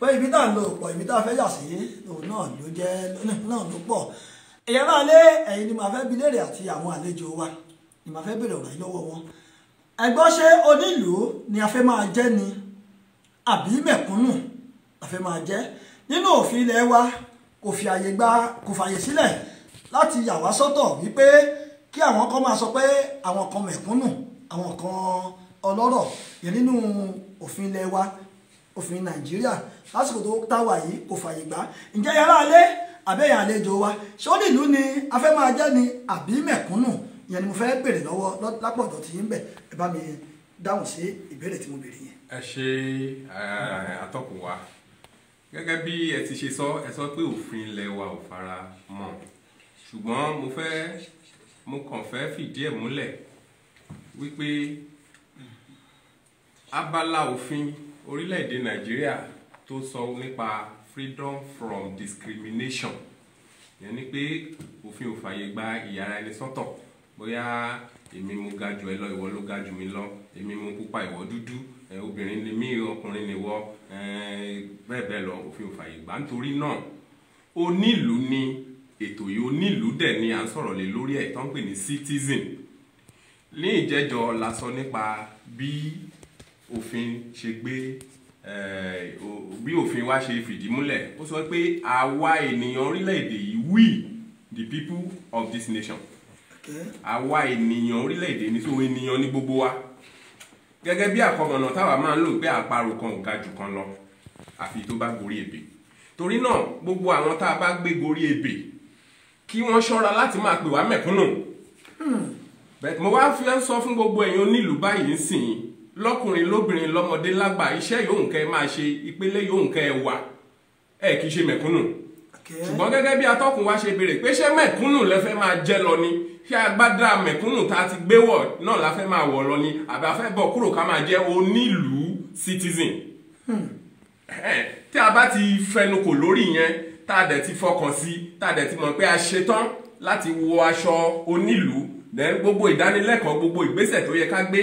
pé ibi tá à ń lọ pọ̀ ibi tá a fẹ́ yà sí òun náà ló jẹ́ náà ló pọ̀ èèyàn máa lé ẹ̀yin ni màá fẹ́ bi léèrè àti àwọn àlejò wa ni màá fẹ́ béèrè ọ̀rọ̀ yìí lọ́wọ́ wọn ẹ̀gbọ́n ṣé onílùú ni a fẹ́ máa jẹ́ ni àbí mẹ̀kúnnù a fẹ́ máa jẹ́ nínú òfin ilé wa kò fi àyè gba kò fàyè sílẹ̀ láti yà wá sọ́tọ̀ wípé kí àwọn kan máa sọ pé àwọn kan mẹ̀kúnnù àwọn kan ọlọ́rọ̀ yẹn nínú òfin ilé wa òfin nàìjíríà lásìkò tó táwà yìí kò fàyè gbà ǹjẹ́ yàrá alẹ́ àbẹ́yà àlejò wa ṣé ó nílùú ni a fẹ́ máa jẹ́ ni àbí mẹ̀kúnnù ìyẹn ni mo fẹ́ béèrè lọ́wọ́ lápọ̀jọ́ tí ń bẹ̀ ẹ bá mi dáhùn sí ìbéèrè tí mo béèrè yẹn. ẹ ṣe àtọkùn wa gẹ́gẹ́ bí ẹ ti ṣe sọ ẹ sọ pé òfin ilẹ̀ wa ò fara mọ́ ṣùgbọ́n mo fẹ́ mo kàn fẹ́ fìdí ẹ̀ múlẹ̀ wípé abala òfin orílẹ̀-èdè nàìjíríà tó sọ nípa freedom from discrimination ìyẹn ni pé òfin ò fàyè gba ìyàrá ẹni sọ́tọ̀ bóyá èmi mo ga jù ẹ lọ ìwọ ló ga jù mí lọ èmi mo pupa ìwọ dúdú obìnrin ni mí ọkùnrin ni wọ bẹ́ẹ̀ bẹ́ẹ̀ lọ òfin ò fàyè gbà nítorí náà onílùú ni ètò yìí onílùú dẹ̀ ni à ń sọ̀rọ̀ lé lórí ẹ̀ tó pè ní citizen ní ìjẹ́jọ́ la sọ nípa bí òfin ṣe gbé eh, bí òfin wa ṣe fìdí múlẹ̀ ó sọ pé àwa ènìyàn orílẹ̀-èdè yìí we the people of this nation àwa ènìyàn orílẹ̀-èdè ní so ènìyàn ní gbogbo wa gẹ́gẹ́ bí àkọmọ̀nà táwa máa ń lò pé àparò kan ò ga jù kan lọ àfi tó bá gorí ebè torí náà gbogbo àwọn tá a bá gbé gorí ebè kí wọ́n ṣọ́ra láti máa pè wá mẹ̀kúnnù hmm. mo wá fi ń sọ fún gbogbo ẹ̀yin onílù báyìí ń sìn yín lọ́kùnrin lóbìnrin lọ́mọdé lágbà iṣẹ́ yòówù kẹ́ ẹ máa ṣe ìpele yòówù kẹ́ ẹ wà ẹ kì í ṣe mẹ̀kúnnù ṣùgbọ́n gẹ́gẹ́ bí atọ́kùn wa ṣe béèrè pé ṣé mẹ̀kúnnù lẹ fẹ́ máa jẹ lọ ni ṣé agbádá mẹ̀kúnnù tá a ti gbé wọ̀ náà la fẹ́ máa wọ̀ lọ ni àbí a fẹ́ bọ̀ kúrò ká máa jẹ́ onílùú citizen hmm. tí a bá ti fẹnukò lórí yẹn tá a dẹ̀ ti fọkàn sí tá a dẹ̀ ti mọ̀ pé a ṣetán láti wọ aṣọ onílùú gbogbo ìdánilẹ́kọ̀ọ́ gbogbo ìgbésẹ̀ tó yẹ ká gbé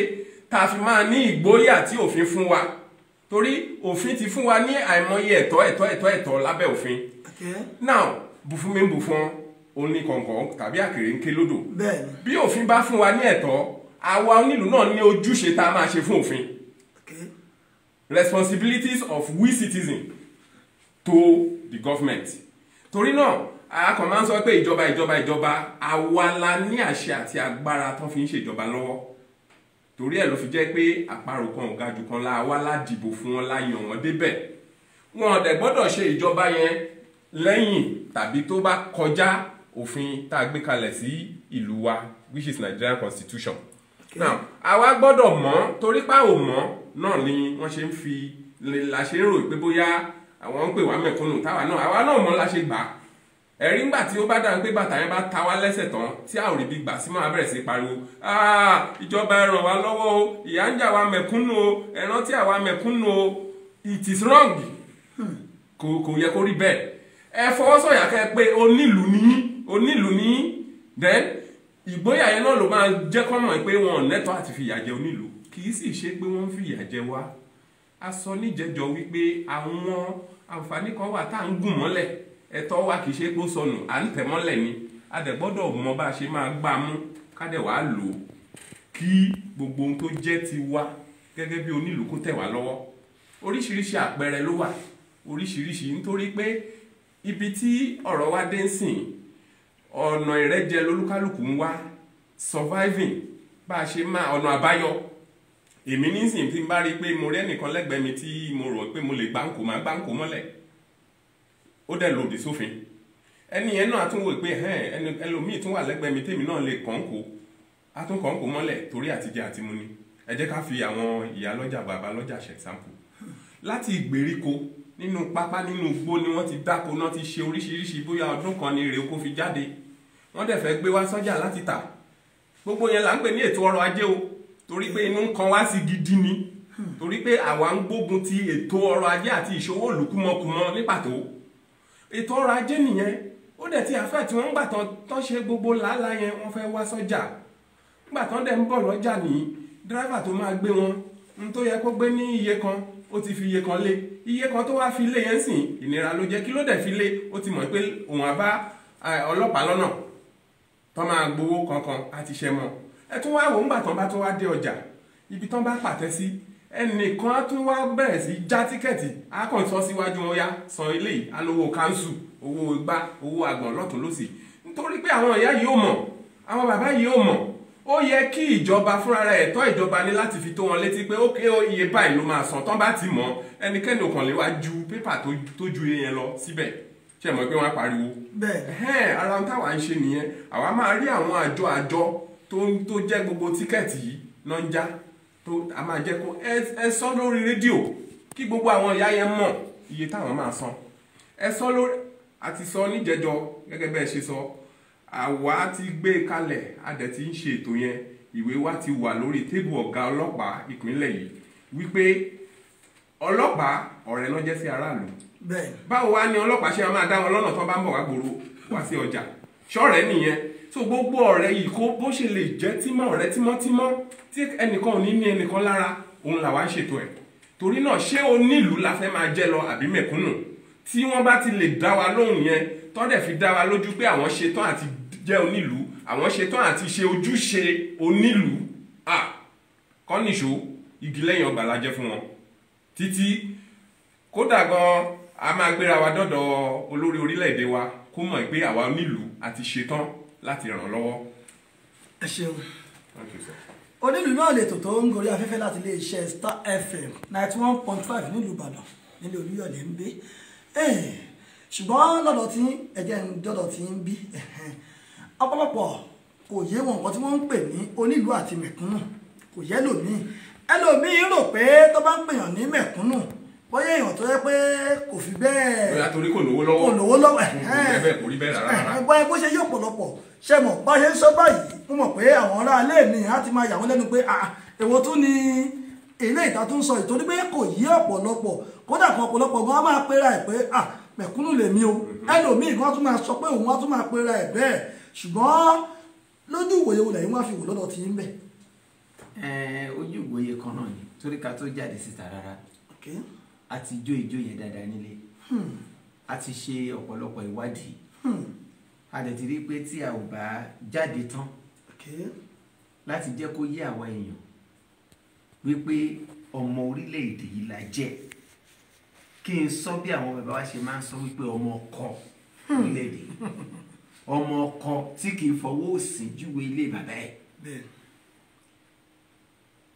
ká fi máa ní ìgbóyà tí òfin fún wa torí òfin ti fún wa ní àìmọye ẹ̀tọ́ ẹ̀tọ́ ẹ̀tọ́ ẹ̀tọ́ lábẹ́ òfin now bùfúnmi ń bù fún oní kọ̀ǹkọ̀ tàbí àkèrè ń ké lódò bí òfin bá fún wa ní ẹ̀tọ́ àwa onílù náà ní ojúṣe tá a máa ṣe fún òfin responsibilities of we citizen to the government torí náà a kàn máa ń sọ pé ìjọba ìjọba ìjọba àwa la ní àṣẹ àti agbára tó fi ń ṣèjọba lọ́wọ́ torí ẹ̀ ló fi jẹ́ pé àparò kan ọ̀gá jù kan láwa ládìbò fún wọn láyàn wọn débẹ̀ wọn ọ̀dẹ̀ gbọ́dọ̀ ṣe ìjọba yẹn lẹ́yìn tàbí tó bá kọjá òfin tá a gbé kalẹ̀ sí ìlú wa which is Nigerian constitution okay. now àwa gbọ́dọ̀ mọ̀ torí pa ò mọ̀ náà ni wọ́n ṣe ń fi la ṣe ń rò pé bóyá àwọn ń pè wá mẹ̀kúnnù táwa náà àwa náà mọ̀ la ṣe gbà á ẹ̀rí ńgbà tí ó bá dà ń pé bàtà yẹn bá ta wá lẹ́sẹ̀ tán tí a ò rí bí gbà sí máa bẹ̀rẹ̀ sí pariwo ah, ìjọba ẹ ràn wá lọ́wọ́ o ìyà ń jà wá mẹ̀kúnnù o ẹ rántí àwa mẹ̀kúnnù o it is wrong hmm. kò kò yẹ kó rí bẹ́ẹ̀ ẹ fọwọ́sọ̀yà kẹ́ pé onílù ní onílù ní then ìgboyà yẹn náà ló máa jẹ́ kọ́ mọ̀ pé wọn ò lẹ́tọ̀ọ́ àti fìyà jẹ onílù kì í sì ṣe pé wọ́n ń fìyà jẹ wá a sọ níjẹjọ wípé àwọn àǹfààní kan wà tá à ń gùn mọ́lẹ̀ ẹ̀tọ́ wa kì í ṣe pé ó sọnù à ń tẹ̀mọ́lẹ̀ ni a dẹ̀ gbọ́dọ̀ mọ bá a ṣe máa gbá a mú ká dẹ̀ wàá lò ó kí gbogbo ohun tó jẹ́ ti wa gẹ́gẹ́ bí onílù kó tẹ̀ wá lọ́wọ́ oríṣiríṣi àpẹẹrẹ ló wà oríṣiríṣi nítorí pé ibi tí ọ̀rọ̀ wa dé ń sìn ọ̀nà ìrẹ́jẹ lolúkálùkù ń wá surviving bá a ṣe máa ọ̀nà àbáyọ èmi nísìnyí tí n bá rí i pé mo rí ẹnìkan lẹ́gbẹ̀ẹ́ mi tí mo rò pé mo lè gbáǹkó máa gbáǹkó mọ́lẹ̀ ó dẹ̀ lòdì sófin ẹni yẹn náà tún wò pé ẹlòmíì tún wà lẹ́gbẹ̀ẹ́ mi tèmi náà lè kọ́ńkò á tún kọ́ńkò mọ́lẹ̀ torí àtijẹ àtimú ni ẹ jẹ́ ká fi àwọn ìyá lọ́jà bàbá lọ́jà ṣe example láti ìgbèríko nínú pápá nínú igbó ni wọ́n ti dáko náà ti ṣe oríṣiríṣi bóyá ọdún kan ni èrè oko fi jáde wọ́n dẹ̀ fẹ́ gbé wá sọ́jà láti tà gbogbo yẹn là ń pè ní ètò ọrọ̀ ajé o torí pé inú ń kan wá sí gidi ni hmm. torí pé àwa ń gbógun ti ètò ọrọ̀ ajé àti ìṣòwò olùkúmọkùmọ ní pàtó ètò ọrọ̀ ajé nìyẹn ó dẹ̀ ti àfẹ́ tí wọ́n ń gbà tán tán ṣe gbogbo làálàá yẹn wọ́n fẹ́ wá sọ́jà nígbà tán dẹ̀ ń bọ̀ lọ́jà nìyí dírẹ́fà tó máa gbé wọn n tó yẹ kó gbé ní iye kan ó ti fi iye kan lé iye kan tó wáá fi lé yẹn sìn ìnira ló jẹ́ kí ló dẹ̀ fi lé ó ti mọ̀ pé òun àbá ọlọ́pàá lọ́nà tán máa gbowó kankan àti ṣẹ́ mọ́ ẹ tún wá wò ńgbà tán bá tó wá dé ọjà ibi tán bá pàtẹ́ sí ẹnìkan á tún wá bẹ̀rẹ̀ sí já tíkẹ́ẹ̀tì á kàn sọ síwájú wọn yá san eléyìí alówó kánsù owó igbá owó àgbọ̀n lọ́tún lọ́sì nítorí pé àwọn ìyá yìí ò mọ̀ àwọn bàbá yìí ò mọ̀ ó yẹ kí ìjọba fúnra rẹ̀ ẹ̀tọ́ ìjọba ní láti fi tó wọn létí pé ó ké iye báyìí ló máa san tán bá ti mọ̀ ẹnikẹ́ni ò kàn lè wá ju pépà tó ju yẹn lọ síbẹ̀ ṣe mọ̀ pé wọ́n á pariwo. bẹ́ẹ̀ ara ohun táwa ń ṣe nìyẹn àwa máa rí àwọn àjọ àjọ tó jẹ́ gbogbo tíkẹ́ẹ̀tì yìí náà ń já tó a máa jẹ́ kó ẹ sọ lórí rédíò kí gbogbo àwọn ìyá yẹn mọ̀ iye táwọn máa san ẹ sọ lórí a sọ níjẹjọ gẹ́gẹ́ bẹ́ẹ̀ ṣe sọ àwa ti gbé e kalẹ̀ a dẹ̀ ti ń ṣe ètò yẹn ìwé wa ti wà lórí tébù ọ̀gá ọlọ́pàá ìpínlẹ̀ yìí wípé ọlọ́pàá ọ̀rẹ́ ló sí aráàlú báwo wá ní ọlọ́pàá ṣe máa dá wọn lọ́nà tó bá ń bọ̀ wá gbòòrò wá sí ọjà ṣọ́ọ̀rẹ́ nìyẹn so gbogbo ọ̀rẹ́ yìí kó bó ṣe lè jẹ́ tímọ́ ọ̀rẹ́ tímọ́tímọ́ tí ẹnìkan ò ní ní ẹnìkan lára òun làwa ń ṣètò ẹ̀ torí náà ṣé onílùú la fẹ́ máa jẹ́ lọ àbí mẹ̀kúnnù tí wọ́n bá ti lè dá wa lóhùn yẹn tọ́dẹ̀ fi dá wa lójú pé àwọn ṣetán àti jẹ́ onílùú àwọn ṣetán àti ṣe ojúṣe onílùú à kọ́nìṣó igi lẹ́yìn ọgbà la jẹ́ fún wọn títí kódà gan a máa gbéra wa dọ́dọ̀ olórí orílẹ̀-èdè wa kó mọ̀ pé àwa onílùú àti ṣetán láti ràn lọ́wọ́. ẹ ṣeun onílù náà lè tòótọ́ ń gorí afẹ́fẹ́ láti iléeṣẹ́ Star FM ninety one point five nílùú Ìbàdàn nílé Olúyọ̀lé ń gbé ṣùgbọ́n lọ́dọ̀ tí ẹ̀jẹ̀ ń dọ́dọ̀ tí ń bí ọ̀pọ̀lọpọ̀ kò yé wọn nǹkan tí wọ́n ń pè ní onílù àti mẹ̀kúnnù kò yẹ lòmíì ẹlòmíì rò pé tó bá ń pèèyàn ní mẹ̀kúnnù bóyá èèyàn tó yẹ pé kò fi bẹ́ẹ̀. bóyá torí kò lówó lọ́wọ́ kò lówó lọ́wọ́ ẹ̀ hm, ẹ̀ hm, hm, bẹ́ẹ̀ kò rí bẹ́ẹ̀ rárá. bóyá bó ṣe yí ọ̀pọ̀lọpọ̀ ṣe mọ̀ bá ṣe ń sọ báyìí mo mọ̀ pé àwọn ará ilé mi á ti máa yà wọ́n lẹ́nu pé ah, èwo tún ni ilé ìta tún sọ ìtorí pé kò yí ọ̀pọ̀lọpọ̀ kódà kan ọ̀pọ̀lọpọ̀ gan máa pera ẹ̀ pé ah, mẹ̀kúnnù lèmi o ẹlòmíì kan tún máa sọ pé òun á tún máa pera ẹ̀ bẹ́ẹ̀ ṣùgbọ́n lójú ìwòye wo lẹ́yìn wá fi wò lọ́dọ̀ tí ń bẹ̀. ojú ìwòye kan náà ni torí ká tó jáde síta rárá a ti jó ìjó yẹn dáadáa nílé hmm. a ti ṣe ọ̀pọ̀lọpọ̀ ìwádìí hmm. a dẹ̀ ti rí pé tí a ò bá jáde tán láti jẹ́ kó yé àwa èèyàn wípé ọmọ orílẹ̀-èdè yìí la jẹ́ kí n sọ bí àwọn bàbá wa ṣe máa ń sọ wípé ọmọ ọkọ hmm. orílẹ̀-èdè ọmọ ọkọ tí kì í fọwọ́ òsì júwe ilé bàbá ẹ̀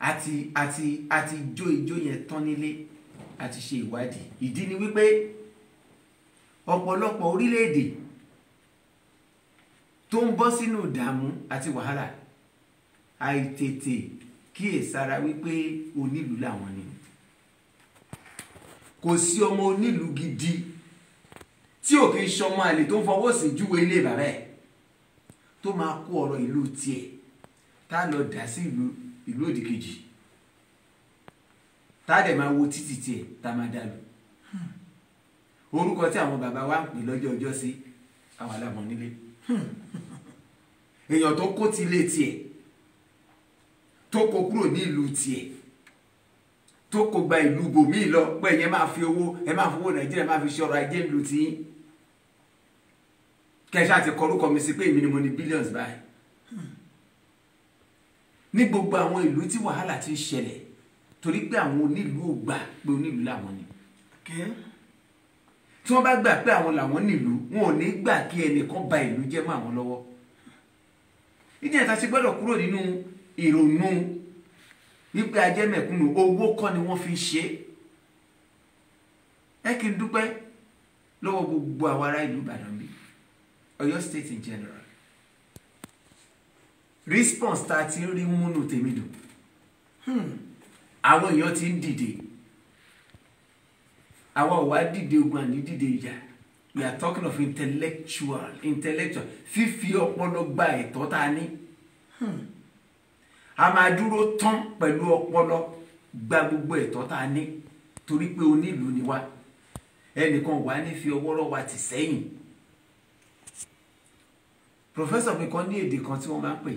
àti àti àti jó ijó yẹn tán nílé àti ṣe ìwádìí ìdí ni wípé ọ̀pọ̀lọpọ̀ orílẹ̀-èdè tó ń bọ́ sínú ìdààmú àti wàhálà àìtètè kíyèsára wípé onílùú làwọn ni kò sí ọmọ onílùú gidi tí ò kì í ṣọmọ àlè tó ń fọwọ́ sí júwe ilé bàbá ẹ̀ tó máa kó ọ̀rọ̀ ìlú tiẹ̀ tá a lọ dá sí ìlú ìlú òdìkejì tá a dẹ̀ máa wo títì tiẹ̀ tá a máa dá lò hmm. orúkọ tí àwọn bàbá wa ń pè lọ́jọ́ ọjọ́ sí àwọn alámọ̀ nílé hmm. èèyàn tó kó ti lé tiẹ̀ tó kó kúrò ní ìlú tiẹ̀ tó kó gba ìlú bòmíì lọ pé ẹ̀yẹn máa fi owó ẹ máa fowó nàìjíríà máa fi ṣe ajé ìlú tí kẹṣà ti kọ orúkọ mi sí pé èmi ni mo ní billions báyìí hmm. ní gbogbo àwọn ìlú tí wàhálà ti ń ṣẹlẹ̀ torí pé àwọn onílùú ò gbà pé onílùú làwọn ni tí wọ́n bá gbà pé àwọn làwọn nílùú wọn ò ní gbà kí ẹnìkan ba ìlú jẹ́ mọ́ àwọn lọ́wọ́ ìdí ẹ̀ta ti gbọ́dọ̀ kúrò nínú ìrònú wípé ajẹ́mẹ̀kúnnù owó kọ́ ni wọ́n fi ṣe ẹ kí n dúpẹ́ lọ́wọ́ gbogbo àwọn ará ìlú Ìbàdàn bí Ọ̀yọ́ state in general response ta ti rí múnú tèmi dùn. Hmm àwọn èèyàn ti ń dìde àwa ò wá dìde ogun àní dìde ìjà we are talking of intellectual intellectual fífi ọpọlọ gba ẹ̀tọ́ tá a ní hmm. a máa dúró tán pẹ̀lú ọpọlọ gba gbogbo ẹ̀tọ́ tá a ní torí pé onílùú ni wá ẹnìkan wà ní fi ọwọ́rọ́ wa tì sẹ́yìn professor mi kan ní èdè kan tí wọ́n máa ń pè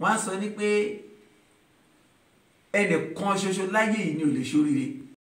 wọ́n á sọ ní pé. Okay ẹnìkan ṣoṣo láyé yìí ni ò lè ṣoríire